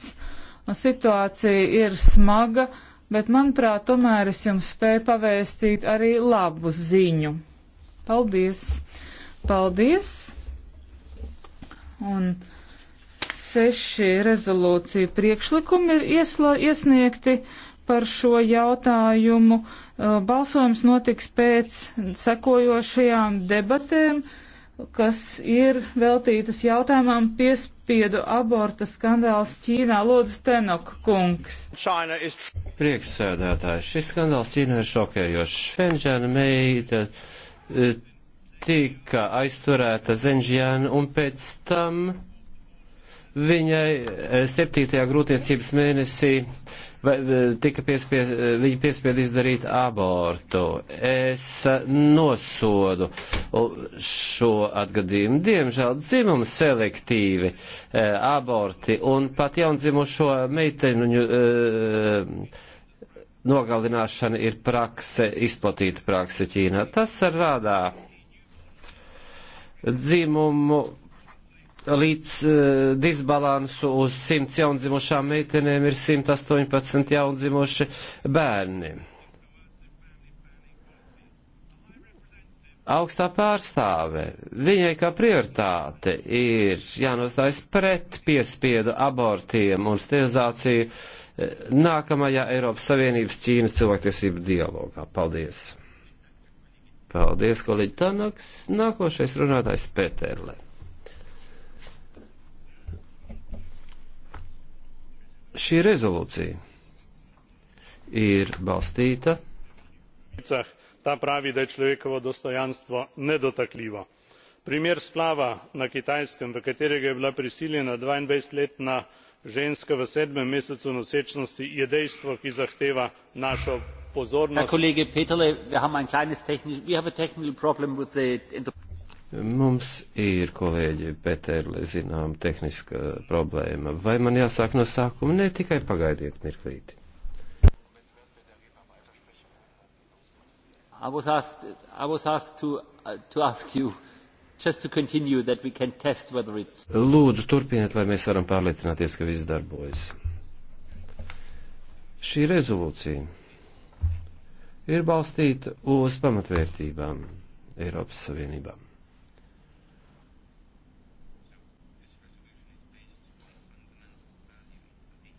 pamats. Situācija ir smaga, bet manuprāt, tomēr es jums spēju pavēstīt arī labu ziņu. Paldies! Paldies! Un seši rezolūcija priekšlikumi ir iesla, iesniegti par šo jautājumu. Uh, balsojums notiks pēc sekojošajām debatēm, kas ir veltītas jautājumam piespējām piespiedu aborta skandāls Ķīnā. Lūdzu, Tenok kungs. Is... Priekšsēdētājs, šis skandāls Ķīnā ir šokējošs. Fenžēna meita e, tika aizturēta Zenžjāna un pēc tam viņai e, septītajā grūtniecības mēnesī vai, e, tika piespied, e, viņi piespied izdarīt abortu. Es e, nosodu šo atgadījumu. Diemžēl dzimumu selektīvi aborti un pat jaundzimušo meiteņu nogalināšana ir prakse, izplatīta prakse Ķīnā. Tas rādā dzimumu līdz uh, disbalansu uz 100 jaundzimušām meitenēm ir 118 jaundzimuši bērni. Augstā pārstāve, viņai kā prioritāte ir jānostājas pret piespiedu abortiem un sterilizāciju eh, nākamajā Eiropas Savienības Ķīnas cilvēktiesību dialogā. Paldies! Paldies, kolēģi Tanaks. Nākošais runātājs Pēterle. Šī rezolūcija ir balstīta ta pravi da je človekovo dostojanstvo nedotakljivo. primer splava na kitajskem v katerega je bila prisiljena dvaindvajset letna ženska v sedmem mesecu nosečnosti je dejstvo ki zahteva našo pozornost. Mums ir, kolēģi, Pēterle, zinām, tehniska problēma. Vai man jāsāk no sākuma? Nē, tikai pagaidiet mirklīti. I was asked, I was asked to, uh, to ask you just to continue that we can test whether it's. Lūdzu, turpiniet, lai mēs varam pārliecināties, ka viss darbojas. Šī rezolūcija ir balstīta uz pamatvērtībām Eiropas Savienībām.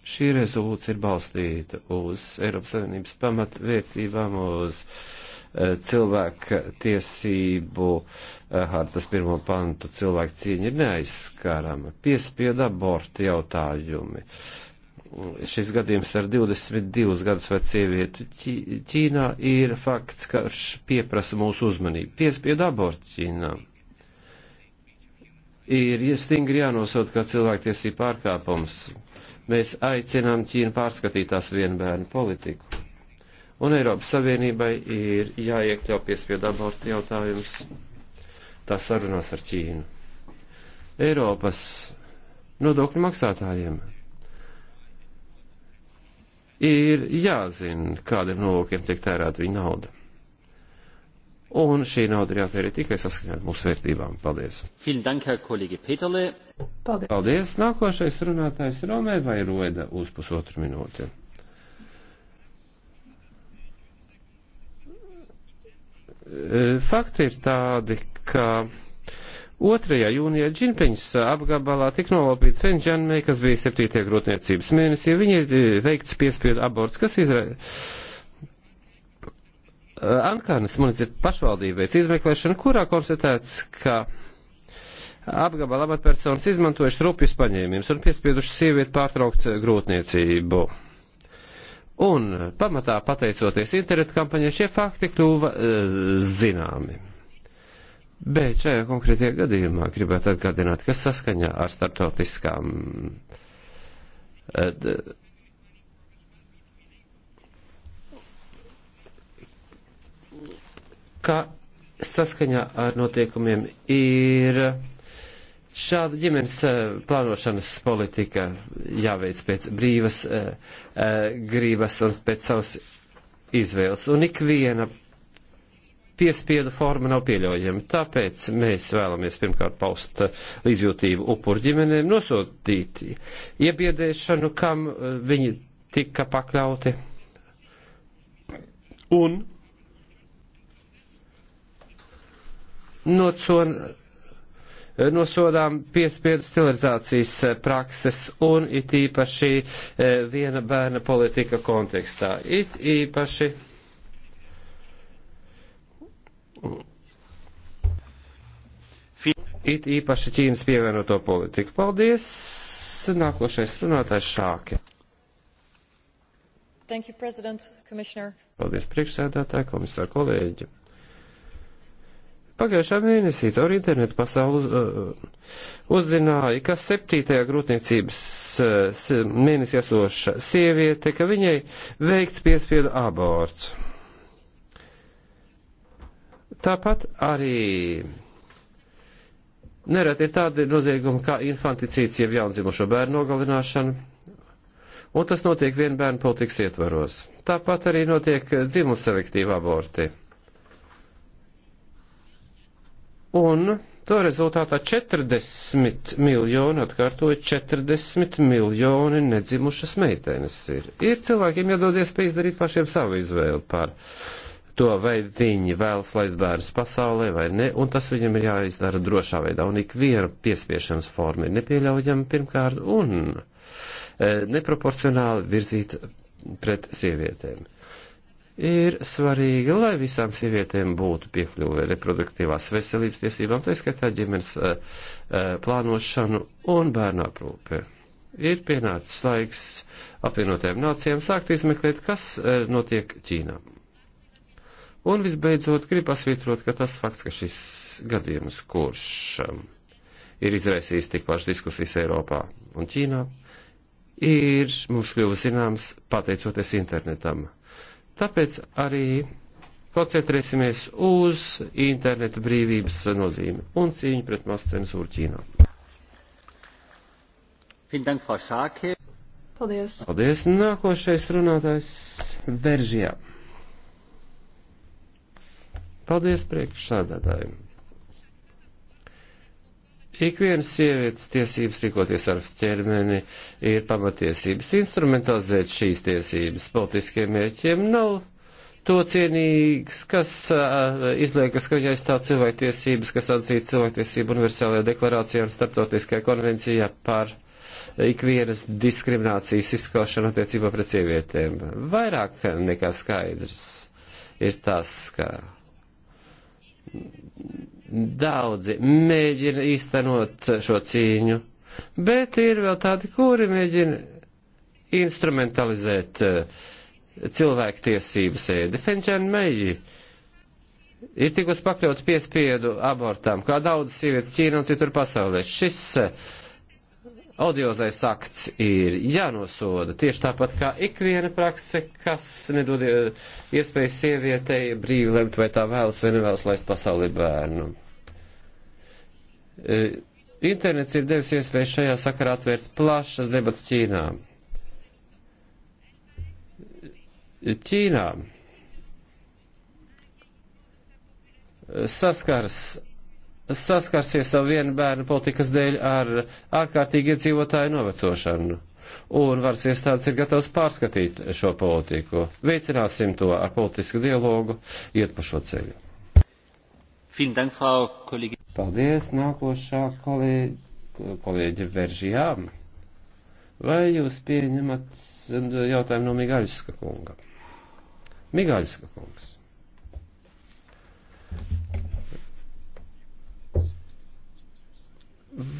šī rezolūcija ir balstīta uz Eiropas Savienības pamatvērtībām, uz e, cilvēka tiesību e, hartas pirmo pantu cilvēka cieņa ir neaizskarama. Piespieda aborti jautājumi. Šis gadījums ar 22 gadus vecu sievietu Ķīnā ir fakts, ka pieprasa mūsu uzmanību. Piespieda aborti Ķīnā. Ir ja stingri jānosot kā cilvēktiesība pārkāpums. Uh, Mēs aicinām Ķīnu pārskatīt tās vienbērnu politiku. Un Eiropas Savienībai ir jāiekļau piespiedu abortu jautājums. Tas sarunās ar Ķīnu. Eiropas nodokļu maksātājiem ir jāzina, kādiem nolūkiem tiek tērēta viņa nauda. Un šī nauda ir jātērē tikai saskaņā ar mūsu vērtībām. Paldies! Paldies! Paldies. Nākošais runātājs Romē vai Roida uz pusotru minūti. E, fakti ir tādi, ka 2. jūnijā Džinpiņas apgabalā tika novalpīta Fenģanmei, kas bija 7. grūtniecības mēnesī. Viņai veikts piespiedu aborts, kas izraisa Eh, Ankārnas municipāla pašvaldība veic izmeklēšanu, kurā konstatēts, ka apgabala amatpersonas izmantojuši rupjas paņēmījums un piespieduši sievieti pārtraukt grūtniecību. Un pamatā pateicoties internetu kampaņai, šie fakti kļuva e, zināmi. Bet šajā konkrētajā gadījumā gribētu atgādināt, ka saskaņā ar starptautiskām e, ka saskaņā ar notiekumiem ir šāda ģimenes eh, plānošanas politika jāveic pēc brīvas eh, eh, grības un pēc savas izvēles. Un ikviena piespiedu forma nav pieļaujama. Tāpēc mēs vēlamies pirmkārt paust līdzjūtību upuru ģimenēm, nosūtīt iebiedēšanu, kam viņi tika pakļauti. Un nocon, nosodām piespiedu stilizācijas eh, prakses un it īpaši eh, viena bērna politika kontekstā. It īpaši. It īpaši Ķīnas pievienoto politiku. Paldies! Nākošais runātājs Šāke. Thank you, President, Commissioner. Paldies, priekšsēdētāji, komisāri, kolēģi. Pagājušā mēnesī caur internetu pasauli uz, uh, uzzināja, ka septītajā grūtniecības uh, mēnesī esoša sieviete, ka viņai veikts piespiedu aborts. Tāpat arī nereti ir tādi noziegumi kā infanticīts jeb jaundzimušo bērnu nogalināšana, un tas notiek vien bērnu politikas ietvaros. Tāpat arī notiek dzimumu selektīvi aborti Un to rezultātā 40 miljoni, atkārtoju, 40 miljoni nedzimušas meitenes ir. Ir cilvēkiem jādodies pie izdarīt pašiem savu izvēli par to, vai viņi vēlas laist bērnus pasaulē vai ne, un tas viņam ir jāizdara drošā veidā, un ikviena piespiešanas forma ir nepieļaujama pirmkārt un e, neproporcionāli virzīt pret sievietēm. E, ir svarīgi, lai visām sievietēm būtu piekļuve reproduktīvās veselības tiesībām, tā skaitā ģimenes eh, eh, plānošanu un bērnu aprūpe. Ir pienācis laiks apvienotajām nācijām sākt izmeklēt, kas eh, notiek Ķīnā. Un visbeidzot, gribu pasvītrot, ka tas fakts, ka šis gadījums, kurš ir izraisījis tik plašas diskusijas Eiropā un Ķīnā, ir mums kļuvis zināms pateicoties internetam Tāpēc arī koncentrēsimies uz interneta brīvības nozīmi un cīņu pret mascensūru Ķīnā. Paldies. Paldies. Nākošais runātājs Veržijā. Paldies priekšsādātājiem. Ikvienas sievietes tiesības rīkoties ar ķermeni ir pamatiesības. Instrumentalizēt šīs tiesības politiskiem mērķiem nav to cienīgs, kas uh, izliekas, ka viņai stāv cilvēktiesības, kas atzīt cilvēktiesību universālajā deklarācijā un starptautiskajā konvencijā par ikvienas diskriminācijas izskaušanu attiecībā pret sievietēm. Vairāk nekā skaidrs ir tas, ka Daudzi mēģina īstenot šo cīņu, bet ir vēl tādi, kuri mēģina instrumentalizēt eh, cilvēku tiesības ēdi. Fenčēna Meiji ir tikus pakļauts piespiedu abortām, kā daudz sievietes Ķīna un citur pasaulē. Šis uh, Audiozais akts ir jānosoda tieši tāpat kā ikviena prakse, kas nedod eh, iespēju sievietei brīvi lemt, vai tā vēlas vai nevēlas laist pasaulē bērnu. Eh, internets ir devis iespēju šajā sakarā atvērt plašas debats Ķīnā. Eh, Ķīnā saskars saskarsies savu vienu bērnu politikas dēļ ar ārkārtīgi iedzīvotāju novecošanu. Un varas iestādes ir gatavs pārskatīt šo politiku. Veicināsim to ar politisku dialogu, iet pa šo ceļu. Paldies, nākošā kolēģi, kolēģi Veržijām. Vai jūs pieņemat jautājumu no Migaļska kunga? Migaļska kungs.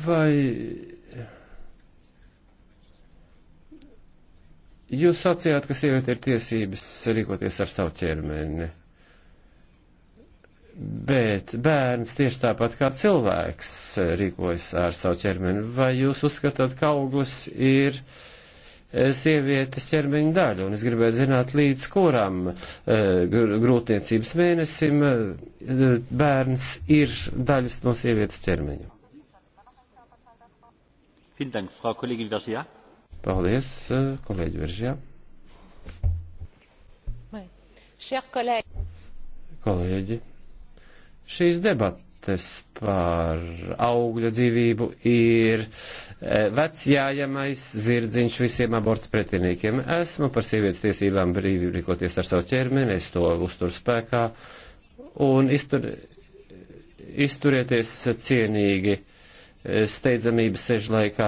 Vai Jūs sacījāt, ka sieviete ir tiesības rīkoties ar savu ķermeni, bet bērns tieši tāpat kā cilvēks rīkojas ar savu ķermeni. Vai jūs uzskatāt, ka auglis ir eh, sievietes ķermeņa daļa? Un es gribētu zināt, līdz kuram eh, grūtniecības mēnesim eh, bērns ir daļas no sievietes ķermeņa. Paldies, eh, kolēģi Veržijā. Kolēģi, šīs debates par augļa dzīvību ir eh, vecjājamais zirdziņš visiem abortu pretiniekiem. Esmu par sievietes tiesībām brīvi rīkoties ar savu ķermeni, es to uzturu spēkā un iztur, izturieties cienīgi steidzamības sežu laikā.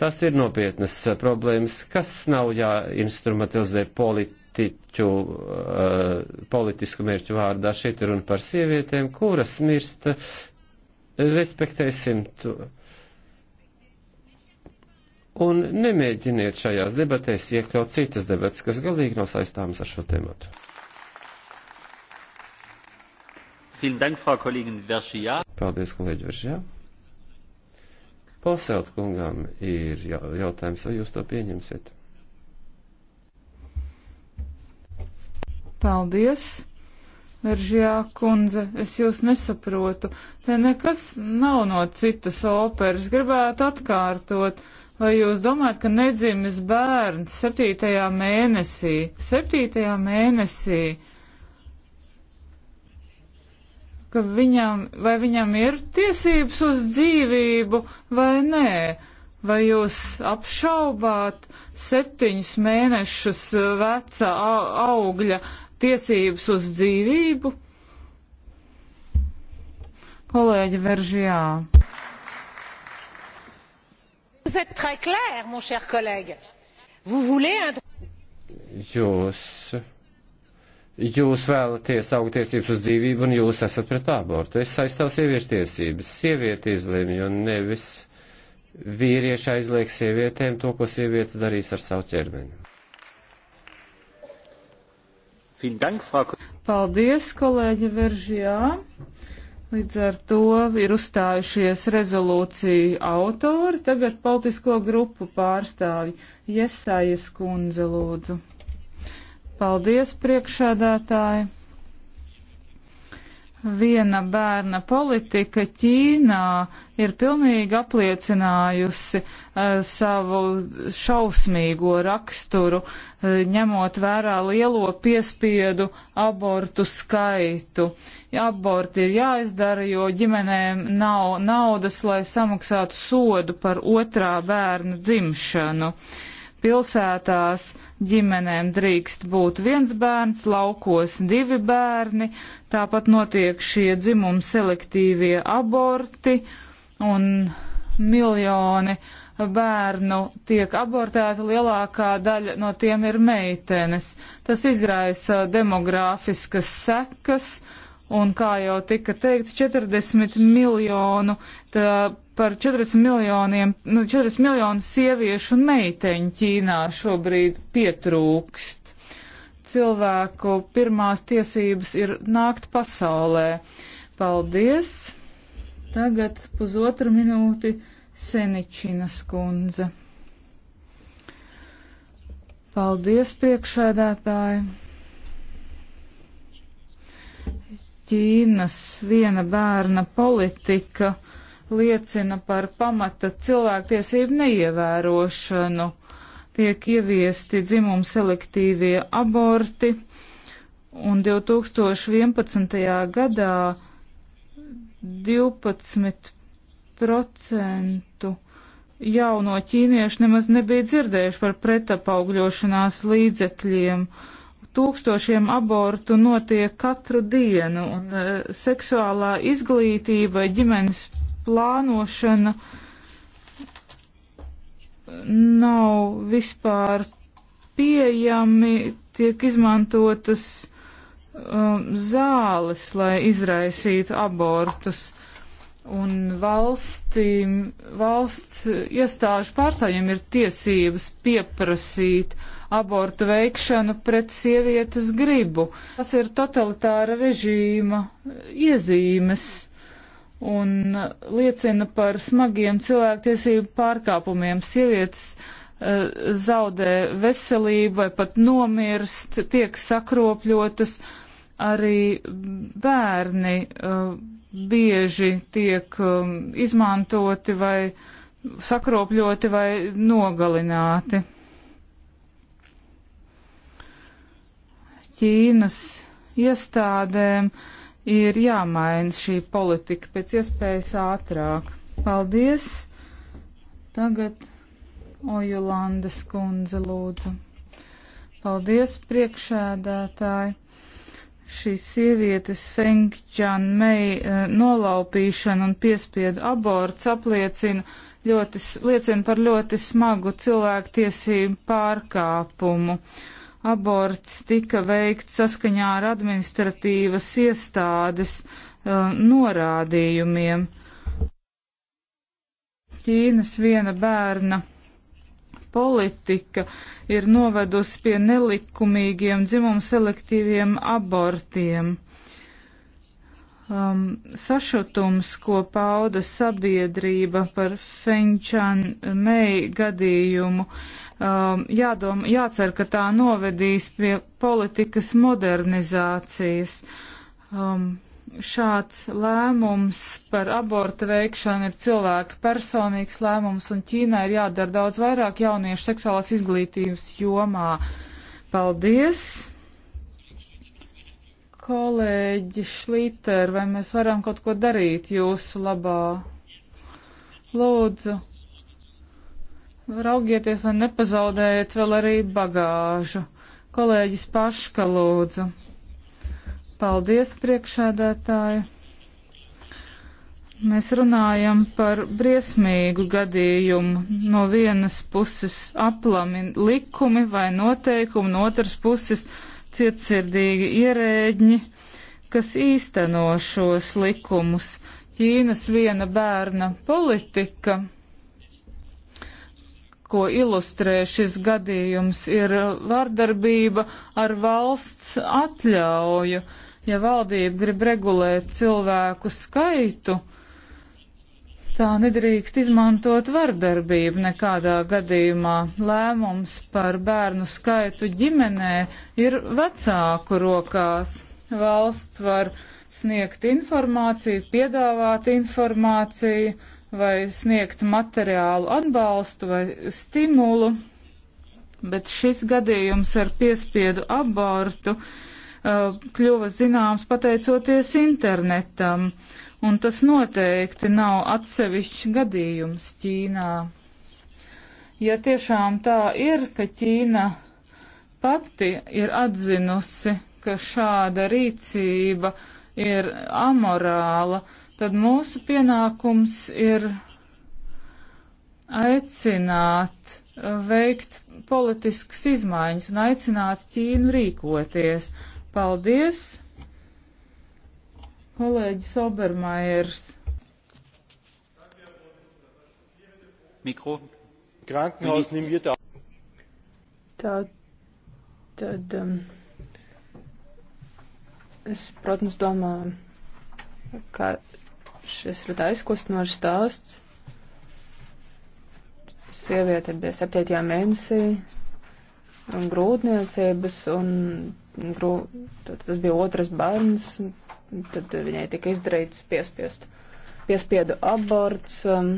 Tas ir nopietnas problēmas, kas nav jāinstrumentalizē politiķu, eh, politisku mērķu vārdā. Šeit ir runa par sievietēm, kuras mirst. Respektēsim to. Un nemēģiniet šajās debatēs iekļaut citas debatas, kas galīgi nav saistāmas ar šo tematu. Paldies, kolēģi Veržijā. Polselt kungam ir jautājums, vai jūs to pieņemsiet? Paldies! Veržjā kundze, es jūs nesaprotu. Te nekas nav no citas operas. Gribētu atkārtot, vai jūs domājat, ka nedzimis bērns septītajā mēnesī? Septītajā mēnesī ka viņam, vai viņam ir tiesības uz dzīvību vai nē. Vai jūs apšaubāt septiņus mēnešus veca augļa tiesības uz dzīvību? Kolēģi Veržijā. Jūs Jūs jūs vēlaties augtiesības uz dzīvību un jūs esat pret abortu. Es aizstāvu sieviešu tiesības. Sieviete izlemj un nevis vīrieši aizliek sievietēm to, ko sievietes darīs ar savu ķermeni. Paldies, kolēģi Veržijā. Līdz ar to ir uzstājušies rezolūciju autori, tagad politisko grupu pārstāvi. Iesājas kundze lūdzu. Paldies, priekšādātāji! Viena bērna politika Ķīnā ir pilnīgi apliecinājusi uh, savu šausmīgo raksturu, uh, ņemot vērā lielo piespiedu abortu skaitu. Aborti ir jāizdara, jo ģimenēm nav naudas, lai samaksātu sodu par otrā bērna dzimšanu. Uh, Pilsētās ģimenēm drīkst būt viens bērns, laukos divi bērni, tāpat notiek šie dzimumu selektīvie aborti un miljoni bērnu tiek abortēti, lielākā daļa no tiem ir meitenes. Tas izraisa demogrāfiskas sekas un kā jau tika teikts, 40 miljonu, tā, par 40 miljoniem, nu, 40 miljonu sieviešu un meiteņu Ķīnā šobrīd pietrūkst. Cilvēku pirmās tiesības ir nākt pasaulē. Paldies! Tagad pusotru minūti Seničinas kundze. Paldies, priekšēdētāji! Ķīnas viena bērna politika liecina par pamata cilvēktiesību neievērošanu. Tiek ieviesti dzimumu selektīvie aborti, un 2011. gadā 12% jauno ķīniešu nemaz nebija dzirdējuši par pretapaugļošanās līdzekļiem. Uh, tūkstošiem abortu notiek katru dienu, un uh, seksuālā izglītība, ģimenes plānošana nav vispār pieejami, tiek izmantotas um, zāles, lai izraisītu abortus. Un valstīm, valsts iestāžu pārstājiem ir tiesības pieprasīt uh, abortu veikšanu pret sievietes gribu. Tas ir totalitāra režīma iezīmes un liecina par smagiem cilvēktiesību pārkāpumiem. Sievietes uh, zaudē veselību vai pat nomirst, tiek sakropļotas, arī bērni uh, bieži tiek um, izmantoti vai sakropļoti vai nogalināti. Ķīnas iestādēm ir jāmaina šī politika pēc iespējas ātrāk. Paldies! Tagad Ojulandes kundze lūdzu. Paldies, priekšēdētāji! Šīs sievietes Fengčan Mei eh, nolaupīšana un piespiedu aborts apliecina ļoti, liecina par ļoti smagu cilvēktiesību pārkāpumu. Uh, aborts tika veikts saskaņā ar administratīvas iestādes uh, norādījumiem. Ķīnas viena bērna politika ir novedusi pie nelikumīgiem dzimumselektīviem abortiem um, sašutums, ko pauda sabiedrība par Fenčan Mei gadījumu. Um, jādom, jācer, ka tā novedīs pie politikas modernizācijas. Um, šāds lēmums par abortu veikšanu ir cilvēka personīgs lēmums, un Ķīnā ir jādara daudz vairāk jauniešu seksuālās izglītības jomā. Paldies! Kolēģi Šlīter, vai mēs varam kaut ko darīt jūsu labā? Lūdzu, raugieties, lai nepazaudējat vēl arī bagāžu. Kolēģis Paška, lūdzu. Paldies, priekšēdētāji. Mēs runājam par briesmīgu gadījumu. No vienas puses aplami likumi vai noteikumi, no otras puses cietsirdīgi ierēģi, kas īsteno šos likumus. Ķīnas viena bērna politika, ko ilustrē šis gadījums, ir vardarbība ar valsts atļauju. Ja valdība grib regulēt cilvēku skaitu, Tā nedrīkst izmantot vardarbību nekādā gadījumā. Lēmums par bērnu skaitu ģimenē ir vecāku rokās. Valsts var sniegt informāciju, piedāvāt informāciju vai sniegt materiālu atbalstu vai stimulu, bet šis gadījums ar piespiedu abortu uh, kļuva zināms pateicoties internetam un tas noteikti nav atsevišķs gadījums Ķīnā. Ja tiešām tā ir, ka Ķīna pati ir atzinusi, ka šāda rīcība ir amorāla, tad mūsu pienākums ir aicināt veikt politiskas izmaiņas un aicināt Ķīnu rīkoties. Paldies! Kolēģis Obermaiers. Mikro. Krankenhaus nimmt jeder. Tā tad um, es, protams, domāju, ka šis ir aizkustinošs stāsts. Sieviete bija septītajā mēnesī un grūtniecības, un grū, tas bija otrs bērns, tad viņai tika izdarīts piespiest, piespiedu aborts. Um,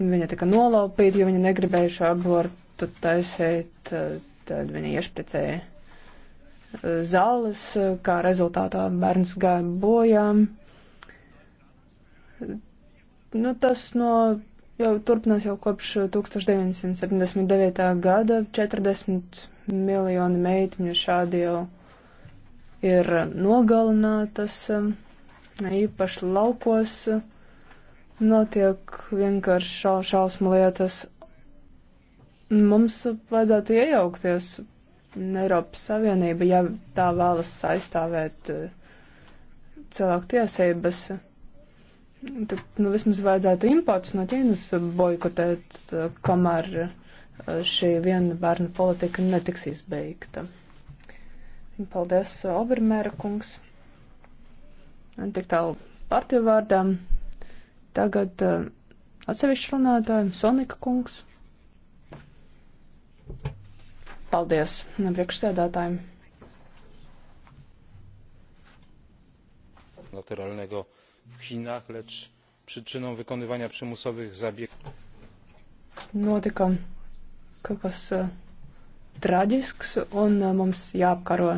viņa tika nolaupīta, jo viņa negribēja šo abortu taisīt, uh, tad viņa iešpricēja uh, zāles, uh, kā rezultātā bērns gāja bojām. Nu, tas no, jau turpinās jau kopš 1979. gada 40 miljoni meitiņu šādi jau ir nogalinātas, um, īpaši laukos uh, notiek vienkārši šā, šausmu lietas. Mums vajadzētu iejaukties Eiropas Savienība, ja tā vēlas aizstāvēt uh, cilvēku tiesības. Tad, nu, vismaz vajadzētu importus no Ķīnas boikotēt, uh, kamēr šī viena bērna politika netiks izbeigta. Paldies, uh, Obermēra kungs. Un tik tālu partiju vārdām. Tagad uh, atsevišķi runātājiem Sonika kungs. Paldies nu, priekšsēdētājiem. Naturalnego w Chinach, lecz przyczyną wykonywania przymusowych zabiegów. Notika kaut kas. Uh, traģisks, un uh, mums jāapkaro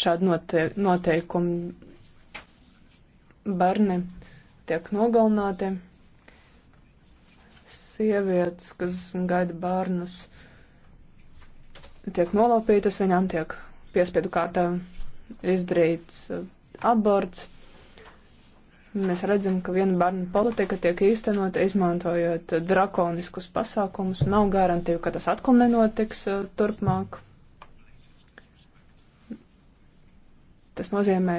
šādi note noteikumi. Bērni tiek nogalināti, sievietes, kas gaida bērnus, tiek nolaupītas, viņām tiek piespiedu kārtā izdarīts uh, aborts. Mēs redzam, ka viena bērna politika tiek īstenota, izmantojot drakoniskus pasākumus. Nav garantiju, ka tas atkal nenotiks uh, turpmāk. Tas nozīmē,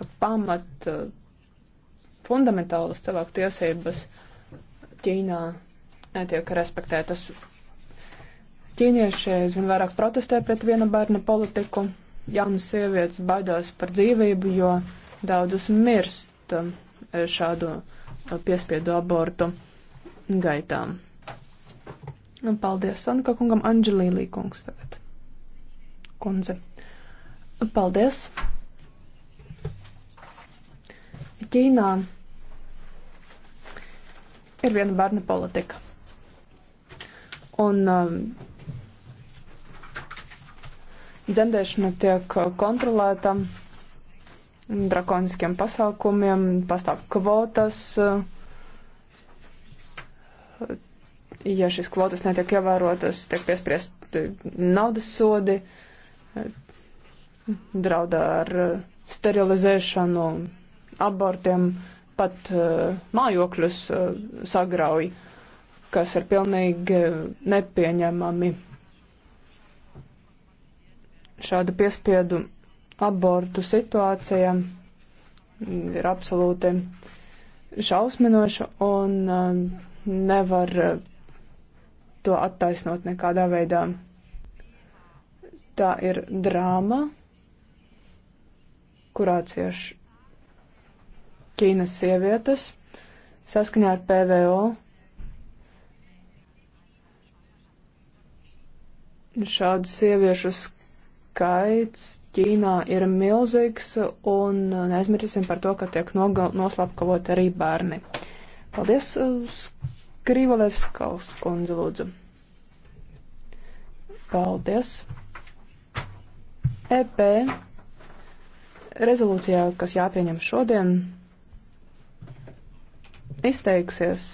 ka pamat uh, fundamentālas cilvēku tiesības Ķīnā netiek respektētas. Ķīnieši aizvien vairāk protestē pret viena bērna politiku. Jaunas sievietes baidās par dzīvību, jo daudzas mirst. Um, šādu uh, piespiedu abortu gaitām. Un nu, paldies Sanka kungam, Anģelīlī kungs tagad. Kundze. Paldies. Ķīnā ir viena bērna politika. Un um, dzemdēšana tiek uh, kontrolēta drakoniskiem pasākumiem, pastāv kvotas. Ja šīs kvotas netiek ievērotas, tiek piespriest naudas sodi, draudā ar sterilizēšanu, abortiem, pat e, mājokļus e, sagrauj, kas ir pilnīgi nepieņemami. Šāda piespiedu abortu situācija ir absolūti šausminoša un um, nevar uh, to attaisnot nekādā veidā. Tā ir drāma, kurā cieš Ķīnas sievietes saskaņā ar PVO. Šādu sieviešu skaits Ķīnā ir milzīgs, un neaizmirsīsim par to, ka tiek noslapkavot arī bērni. Paldies, uh, Skrivolevskals kundze, lūdzu. Paldies. EP rezolūcijā, kas jāpieņem šodien, izteiksies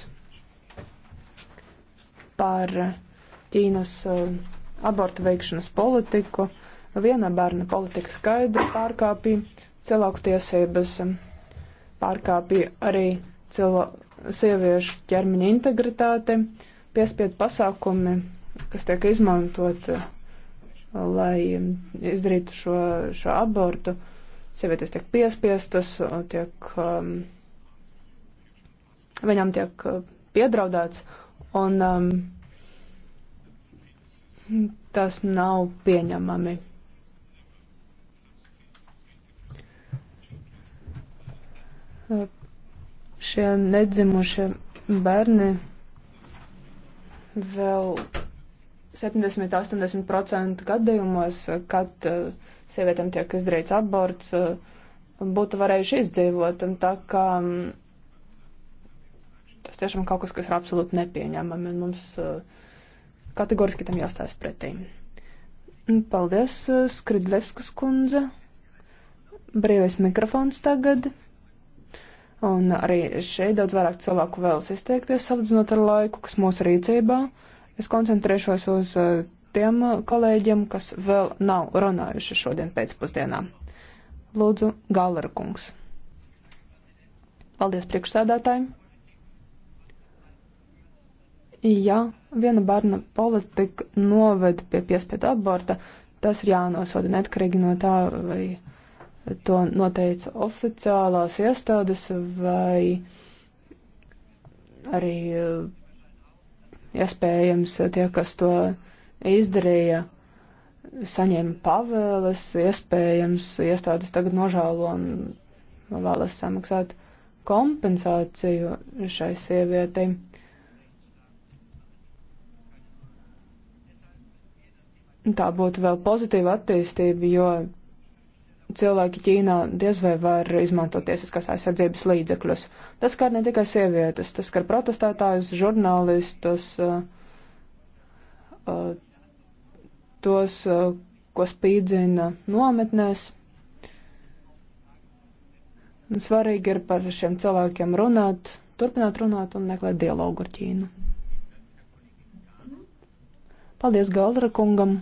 par Ķīnas uh, abortu veikšanas politiku Viena bērna politika skaidri pārkāpīja cilvēku tiesības, pārkāpīja arī cilvē, sieviešu ķermeņa integritāte, piespiedu pasākumi, kas tiek izmantot, lai izdarītu šo, šo abortu. Sievietes tiek piespiestas, tiek, um, viņam tiek uh, piedraudēts, un um, tas nav pieņemami. šie nedzimušie bērni vēl 70-80% gadījumos, kad eh, sievietēm tiek izdarīts aborts, eh, būtu varējuši izdzīvot. Un tā kā mm, tas tiešām kaut kas, kas ir absolūti nepieņemami, un mums eh, kategoriski tam jāstājas pretī. Paldies, Skridlevskas kundze. Brīvais mikrofons tagad. Un arī šeit daudz vairāk cilvēku vēlas izteikties, salīdzinot ar laiku, kas mūsu rīcībā. Es koncentrēšos uz uh, tiem uh, kolēģiem, kas vēl nav runājuši šodien pēcpusdienā. Lūdzu, Gālera kungs. Paldies priekšsēdētājiem. Ja viena bērna politika noved pie piespiedu aborta, tas ir jānosoda neatkarīgi no tā, vai to noteica oficiālās iestādes vai arī eh, iespējams tie, kas to izdarīja, saņēma pavēles, iespējams iestādes tagad nožēlo un vēlas samaksāt kompensāciju šai sievietei. Tā būtu vēl pozitīva attīstība, jo cilvēki Ķīnā diez vai var izmantot tiesiskās aizsardzības līdzekļus. Tas skar ne tikai sievietes, tas skar protestētājus, žurnālistus, uh, tos, uh, ko spīdzina nometnēs. Svarīgi ir par šiem cilvēkiem runāt, turpināt runāt un meklēt dialogu ar Ķīnu. Paldies Galdra kungam!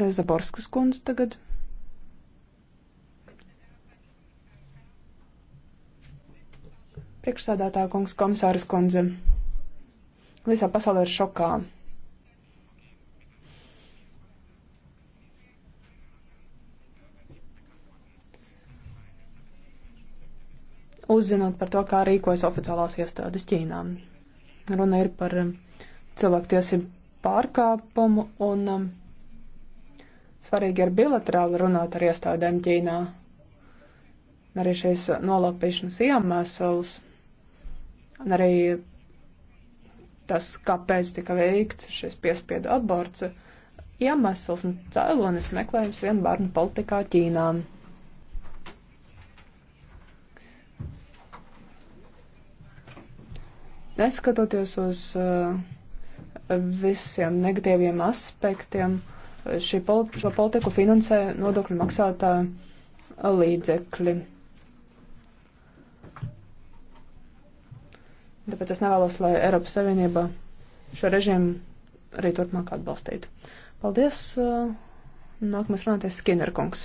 Zaborskas kundze tagad. Priekšsādātā kungs komisāras kundze. Visā pasaulē ir šokā. Uzzinot par to, kā rīkojas oficiālās iestādes Ķīnā. Runa ir par cilvēktiesību pārkāpumu un um, Svarīgi ir bilaterāli runāt ar iestādēm Ķīnā. Arī šīs nolapīšanas iemesls, arī tas, kāpēc tika veikts šis piespiedu aborts, iemesls un cēlonis meklējums vienbārnu politikā Ķīnā. neskatoties uz uh, visiem negatīviem aspektiem, politi šo politiku finansē nodokļu maksātāju līdzekļi. Tāpēc es nevēlos, lai Eiropas Savienība šo režīmu arī turpmāk atbalstītu. Paldies! Uh, nākamais runātais Skinner kungs.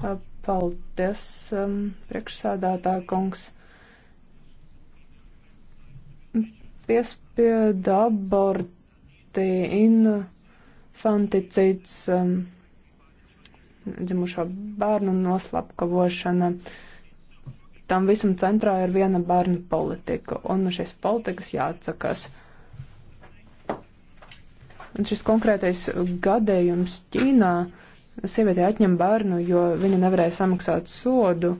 Uh, paldies, um, priekšsādātā kungs. Piespiedu aborti in infanticīts, um, dzimušo bērnu noslapkavošana. Tam visam centrā ir viena bērnu politika, un no šīs politikas jāatsakās. Un šis konkrētais gadījums Ķīnā sievietē atņem bērnu, jo viņa nevarēja samaksāt sodu.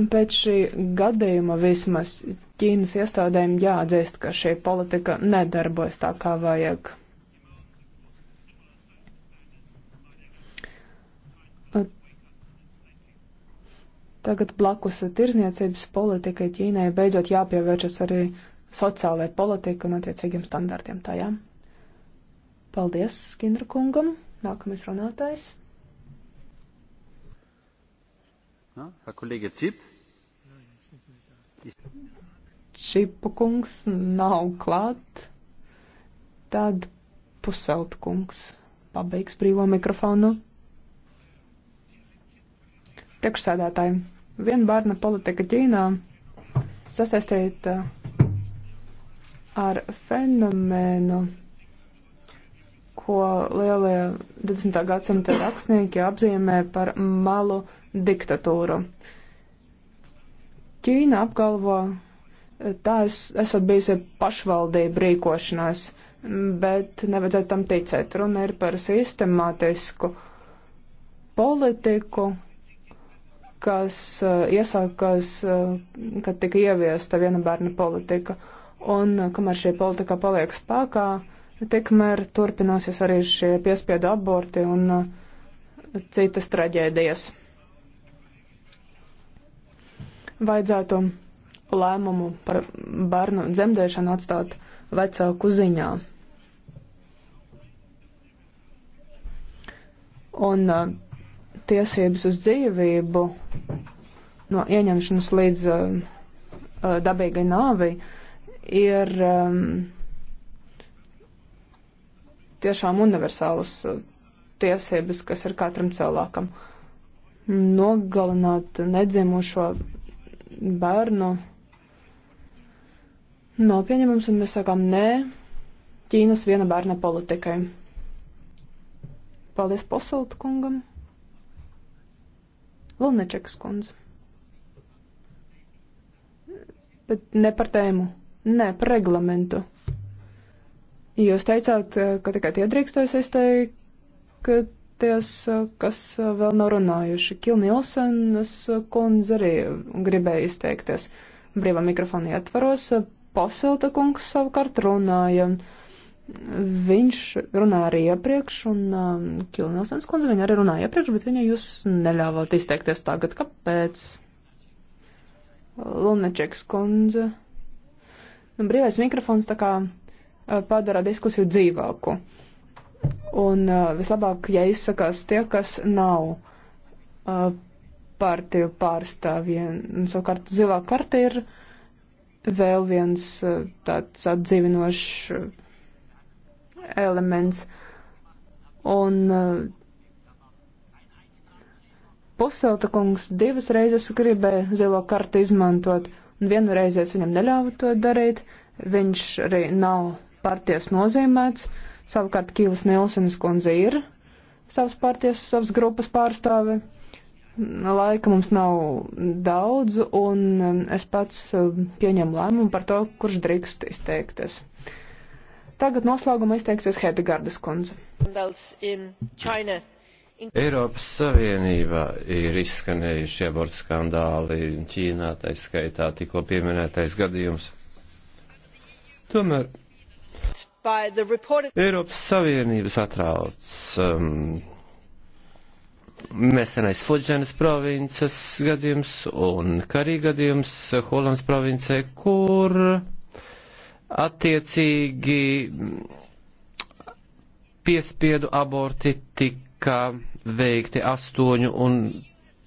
Un pēc šī gadījuma vismaz Ķīnas iestādēm jāatdzīst, ka šī politika nedarbojas tā, kā vajag. Tagad blakus tirzniecības politikai Ķīnai beidzot jāpievēršas arī sociālajai politikai un attiecīgiem standartiem tajā. Paldies Skindra kungam. Nākamais runātājs. Herr Kollege Cip. Šipa kungs nav klāt, tad puselt kungs pabeigs brīvo mikrofonu. Priekšsēdētāji, vienbārna politika Ķīnā sasaistīta eh, ar fenomenu, ko lielie 20. gadsimta rakstnieki apzīmē par malu diktatūru. Ķīna apgalvo, tā es, esot bijusi pašvaldība rīkošanās, bet nevajadzētu tam ticēt. Runa ir par sistemātisku politiku, kas uh, iesākās, uh, kad tika ieviesta viena bērna politika. Un uh, kamēr šī politika paliek spēkā, tikmēr turpināsies arī šie piespiedu aborti un uh, citas traģēdijas. Vajadzētu lēmumu par bērnu dzemdēšanu atstāt vecāku ziņā. Un uh, tiesības uz dzīvību no ieņemšanas līdz uh, uh dabīgai nāvei ir um, tiešām universālas uh, tiesības, kas ir katram cilvēkam. Nogalināt nedzimušo bērnu nav pieņemams, un mēs sakām nē Ķīnas viena bērna politikai. Paldies Posaltu kungam. Lunečeks kundze. Bet ne par tēmu, ne par reglamentu. Jūs teicāt, ka tikai tie drīkstēs izteikties, kas vēl nav runājuši. Kilnilsenas kundze arī gribēja izteikties brīvā mikrofona ietvaros. Posilta kungs savukārt runāja. Viņš runāja arī iepriekš, un um, Kilnelsens kundze viņa arī runāja iepriekš, bet viņa jūs neļāvāt izteikties tagad. Kāpēc? Lunačeks kundze. Nu, brīvais mikrofons tā kā uh, padara diskusiju dzīvāku. Un uh, vislabāk, ja izsakās tie, kas nav uh, partiju pārstāvji. Un savukārt zilā karta ir uh, vēl viens eh, tāds atdzīvinošs eh, elements. Un eh, Puselta kungs divas reizes gribēja zilo kartu izmantot, un vienu reizi es viņam neļāvu to darīt. Viņš arī nav parties nozīmēts. Savukārt Kīvas Nilsenes kundze ir savas parties, savas grupas pārstāve. Laika mums nav daudz, un um, es pats um, pieņemu lēmumu par to, kurš drīkst izteikties. Tagad noslēgumā izteiksies Hedegardas kundze. Eiropas Savienībā ir izskanējuši abortu skandāli Ķīnā, tā skaitā tikko pieminētais gadījums. Tomēr Eiropas Savienības atrauc um, nesenais Fudženas provinces gadījums un Karī gadījums Hollands provincē, kur attiecīgi piespiedu aborti tika veikti astoņu un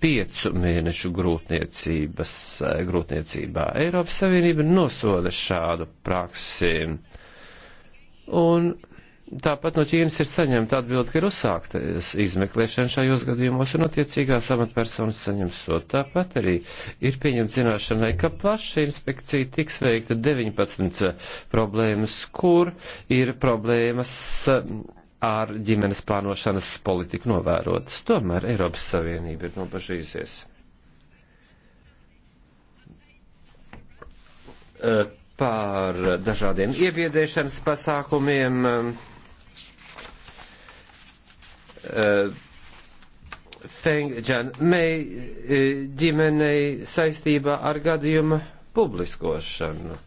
piecu mēnešu grūtniecības, grūtniecībā. Eiropas Savienība nosoda šādu praksi. Un Tāpat no Ķīnas ir saņemta atbilde, ka ir uzsākta izmeklēšana šajos gadījumos, un attiecīgās amatpersonas saņem sodu. Tāpat arī ir pieņemta zināšanai, ka plaša inspekcija tiks veikta 19 eh, problēmas, kur ir problēmas eh, ar ģimenes plānošanas politiku novērotas. Tomēr Eiropas Savienība ir nobažījusies. Eh, par dažādiem iebiedēšanas pasākumiem Feng uh, Džanmei uh, ģimenei saistībā ar gadījuma publiskošanu.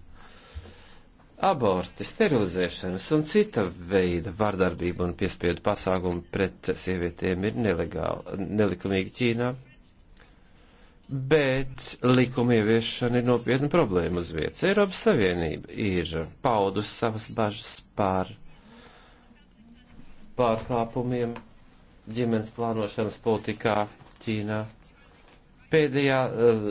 Aborti, sterilizēšanas un cita veida vardarbība un piespiedu pasākumi pret sievietēm ir nelegāli, nelikumīgi Ķīnā, bet likuma ieviešana ir nopietna problēma uz vietas. Eiropas Savienība ir paudus savas bažas pār pārkāpumiem ģimenes plānošanas politikā Ķīnā. Pēdējā uh,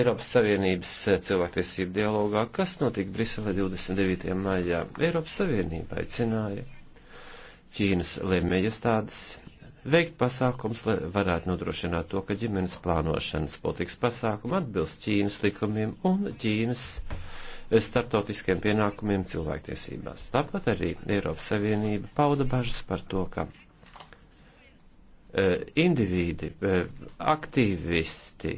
Eiropas Savienības eh, cilvēktiesību dialogā, kas notika Briselē 29. maijā, Eiropas Savienība aicināja Ķīnas lēmējiestādes veikt pasākums, lai varētu nodrošināt to, ka ģimenes plānošanas politikas pasākumi atbilst Ķīnas likumiem un Ķīnas eh, starptautiskiem pienākumiem cilvēktiesībās. Tāpat arī Eiropas Savienība pauda bažas par to, ka Eh, indivīdi, eh, aktīvisti,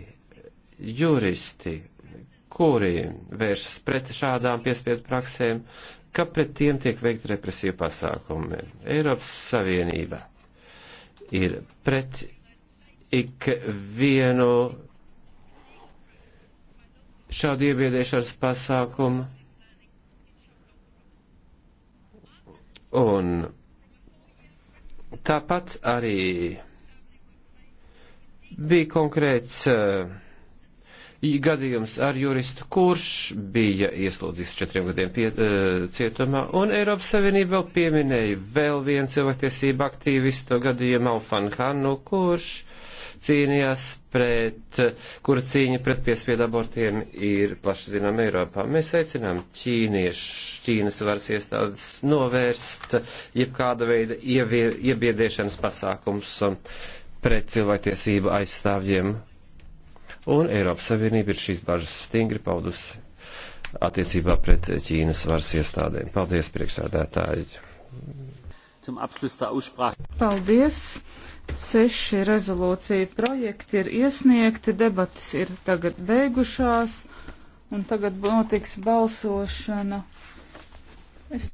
juristi, kuri vēršas pret šādām piespiedu praksēm, ka pret tiem tiek veikta represija pasākumi. Eiropas Savienība ir pret ikvienu šādu iebiedēšanas pasākumu. Un Tāpat arī bija konkrēts uh, gadījums ar juristu, kurš bija ieslodzīts četriem gadiem pie, uh, cietumā, un Eiropas Savienība vēl pieminēja vēl vienu cilvēktiesību aktīvistu gadījumu Alfan Hannu, kurš uh, cīnījās pret, kura cīņa pret piespiedu abortiem ir plaši zinām Eiropā. Mēs aicinām ķīniešu, Ķīnas varas iestādes novērst jebkāda veida ievie, iebiedēšanas pasākums pret cilvēktiesību aizstāvjiem. Un Eiropas Savienība ir šīs bažas stingri paudusi attiecībā pret Ķīnas varas iestādēm. Paldies, priekšsēdētāji! Paldies! Seši rezolūcija projekti ir iesniegti, debatas ir tagad beigušās, un tagad notiks balsošana. Es